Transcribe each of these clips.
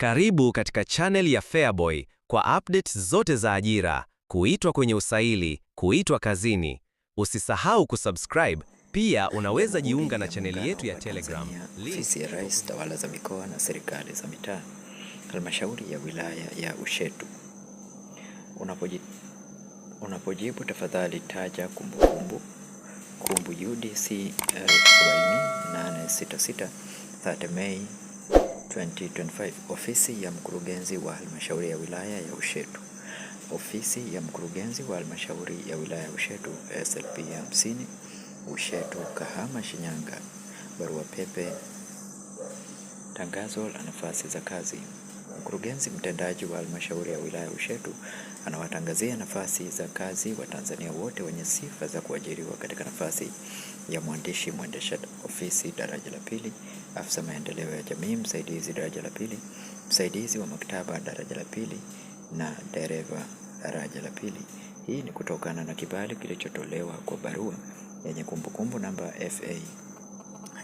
Karibu katika channel ya Feaboy kwa update zote za ajira, kuitwa kwenye usaili, kuitwa kazini. Usisahau kusubscribe. Pia unaweza jiunga na chaneli yetu ya Telegram. Ofisi ya Rais, Tawala za Mikoa na Serikali za Mitaa, Halmashauri ya Wilaya ya Ushetu. Unapojibu tafadhali taja kumbukumbu kumbu UDC 4866 30 Mei 2025. Ofisi ya Mkurugenzi wa Halmashauri ya Wilaya ya Ushetu. Ofisi ya Mkurugenzi wa Halmashauri ya Wilaya ya Ushetu SLP 50 Ushetu, Kahama, Shinyanga. Barua pepe, tangazo la nafasi za kazi. Mkurugenzi mtendaji wa halmashauri ya wilaya Ushetu anawatangazia nafasi za kazi Watanzania wote wenye sifa za kuajiriwa katika nafasi ya mwandishi mwendesha ofisi daraja la pili, afisa maendeleo ya jamii msaidizi daraja la pili, msaidizi wa maktaba daraja la pili na dereva daraja la pili. Hii ni kutokana na kibali kilichotolewa kwa barua yenye kumbukumbu namba FA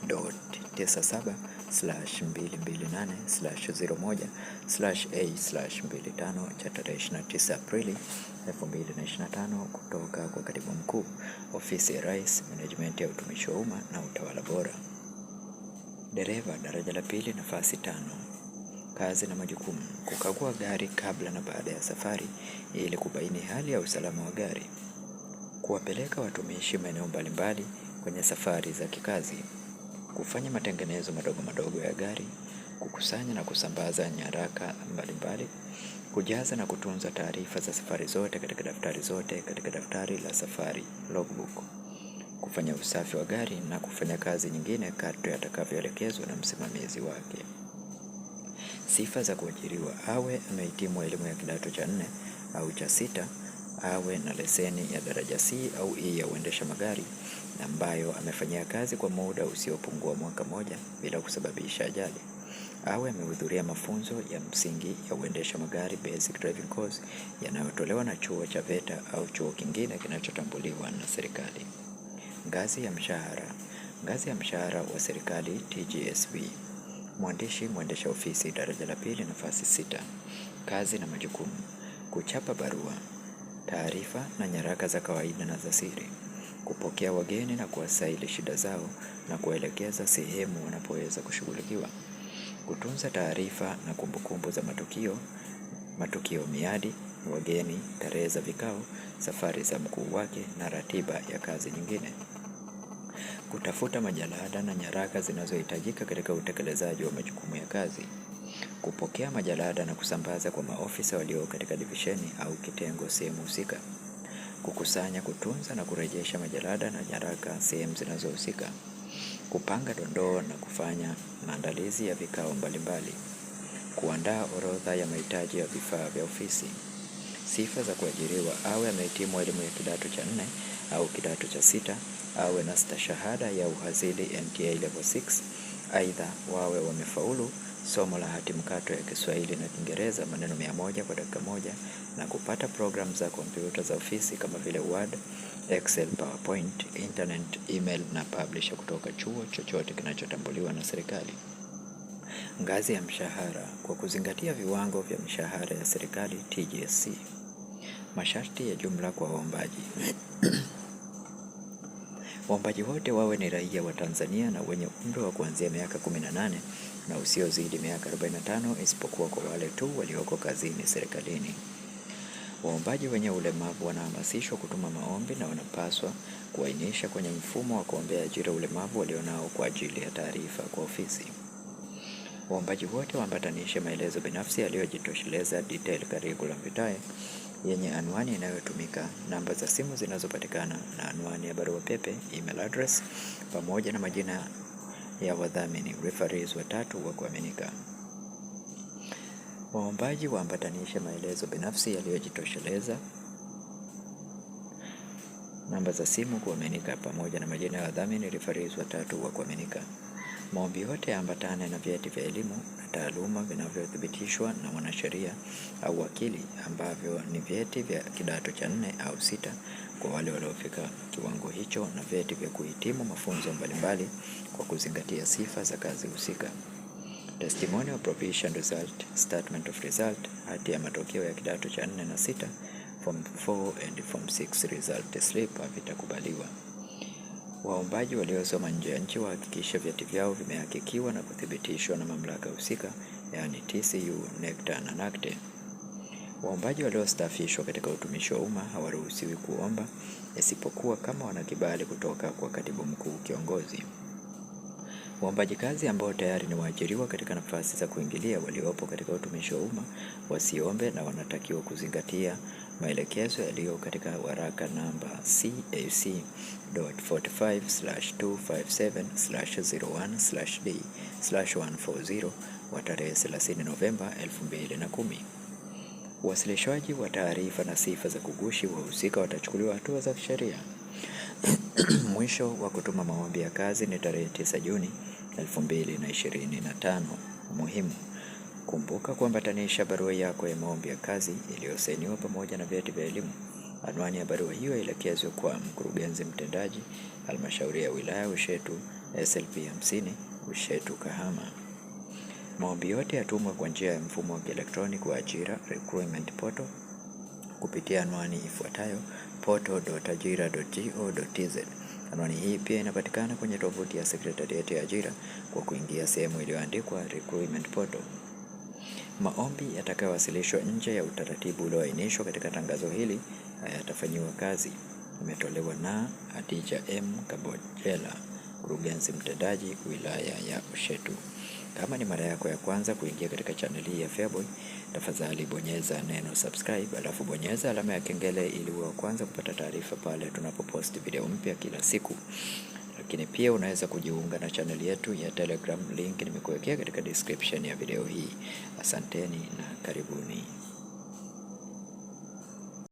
97 a 25 cha tarehe 29 Aprili 2025 kutoka kwa Katibu Mkuu, Ofisi ya Rais, Menejimenti ya Utumishi wa Umma na Utawala Bora. Dereva daraja la pili, nafasi tano. Kazi na majukumu: kukagua gari kabla na baada ya safari ili kubaini hali ya usalama wa gari, kuwapeleka watumishi maeneo mbalimbali kwenye safari za kikazi kufanya matengenezo madogo madogo ya gari, kukusanya na kusambaza nyaraka mbalimbali, kujaza na kutunza taarifa za safari zote katika daftari zote katika daftari la safari logbook, kufanya usafi wa gari na kufanya kazi nyingine kadri atakavyoelekezwa na msimamizi wake. Sifa za kuajiriwa: awe amehitimu elimu ya kidato cha nne au cha sita awe na leseni ya daraja C au E ya uendesha magari ambayo amefanyia kazi kwa muda usiopungua mwaka moja bila kusababisha ajali. Awe amehudhuria mafunzo ya msingi ya uendesha magari basic driving course yanayotolewa na chuo cha VETA au chuo kingine kinachotambuliwa na serikali. Ngazi ya mshahara. Ngazi ya mshahara wa serikali TGSB. Mwandishi mwendesha ofisi daraja la pili, nafasi sita. Kazi na majukumu: kuchapa barua, taarifa na nyaraka za kawaida na za siri, kupokea wageni na kuwasaili shida zao na kuelekeza sehemu wanapoweza kushughulikiwa, kutunza taarifa na kumbukumbu za matukio matukio, miadi, wageni, tarehe za vikao, safari za mkuu wake na ratiba ya kazi nyingine, kutafuta majalada na nyaraka zinazohitajika katika utekelezaji wa majukumu ya kazi kupokea majalada na kusambaza kwa maofisa walio katika divisheni au kitengo sehemu husika, kukusanya, kutunza na kurejesha majalada na nyaraka sehemu zinazohusika, kupanga dondoo na kufanya maandalizi ya vikao mbalimbali, kuandaa orodha ya mahitaji ya vifaa vya ofisi. Sifa za kuajiriwa: awe amehitimu elimu ya kidato cha nne au kidato cha sita, awe na stashahada ya uhazili NTA level 6. Aidha, wawe wamefaulu somo la hati mkato ya Kiswahili na Kiingereza maneno mia moja kwa dakika moja na kupata programu za kompyuta za ofisi kama vile Word, Excel, PowerPoint, internet, email na publisher kutoka chuo chochote kinachotambuliwa na serikali. Ngazi ya mshahara kwa kuzingatia viwango vya mishahara ya serikali TGSC. Masharti ya jumla kwa waombaji waombaji wote wawe ni raia wa Tanzania na wenye umri wa kuanzia miaka 18 na usiozidi miaka 45 isipokuwa kwa wale tu walioko kazini serikalini. Waombaji wenye ulemavu wanahamasishwa kutuma maombi na wanapaswa kuainisha kwenye mfumo wa kuombea ajira ulemavu walionao kwa ajili ya taarifa kwa ofisi. Waombaji wote waambatanishe maelezo binafsi yaliyojitosheleza detail curriculum vitae yenye anwani inayotumika, namba za simu zinazopatikana na anwani ya barua pepe email address, pamoja na majina ya wadhamini referees watatu wa kuaminika. Waombaji waambatanishe maelezo binafsi yaliyojitosheleza, namba za simu kuaminika, pamoja na majina ya wadhamini referees watatu wa kuaminika. Maombi yote yaambatane na vyeti vya elimu na taaluma vinavyothibitishwa na mwanasheria au wakili ambavyo ni vyeti vya kidato cha nne au sita kwa wale waliofika kiwango hicho na vyeti vya kuhitimu mafunzo mbalimbali kwa kuzingatia sifa za kazi husika. of Provision Result, Statement of Result, hati ya matokeo ya kidato cha nne na sita, Form 4 and Form 6 result slip havitakubaliwa. Waombaji waliosoma nje ya nchi wahakikishe vyeti vyao vimehakikiwa na kuthibitishwa na mamlaka husika, yaani TCU, NECTA na NACTE. Waombaji waliostaafishwa katika utumishi wa umma hawaruhusiwi kuomba isipokuwa kama wana kibali kutoka kwa katibu mkuu kiongozi. Waombaji kazi ambao tayari ni waajiriwa katika nafasi za kuingilia waliopo katika utumishi wa umma wasiombe na wanatakiwa kuzingatia maelekezo yaliyo katika waraka namba CAC.45/257/01/D/140 wa tarehe 30 Novemba 2010 uwasilishwaji wa taarifa na sifa za kugushi, wahusika watachukuliwa hatua za kisheria. Mwisho wa kutuma maombi ya kazi ni tarehe 9 Juni 2025. Muhimu kumbuka kuambatanisha barua yako ya maombi ya kazi iliyosainiwa pamoja na vyeti vya elimu. Anwani ya barua hiyo ielekezwe kwa mkurugenzi mtendaji halmashauri ya wilaya Ushetu SLP 50 Ushetu Kahama. Maombi yote yatumwe kwa njia ya mfumo wa kielektroniki wa ajira recruitment portal kupitia anwani ifuatayo portal.ajira.go.tz. Anwani hii pia inapatikana kwenye tovuti ya Sekretarieti ya Ajira kwa kuingia sehemu iliyoandikwa recruitment portal. Maombi yatakayowasilishwa nje ya utaratibu ulioainishwa katika tangazo hili hayatafanyiwa kazi. Imetolewa na Hadija M. Kabojela, mkurugenzi mtendaji wilaya ya Ushetu. Kama ni mara yako ya kwanza kuingia katika channel hii ya Feaboy, tafadhali bonyeza neno subscribe, alafu bonyeza alama ya kengele ili uwe wa kwanza kupata taarifa pale tunapoposti video mpya kila siku. Lakini pia unaweza kujiunga na chaneli yetu ya Telegram, link nimekuwekea katika description ya video hii. Asanteni na karibuni.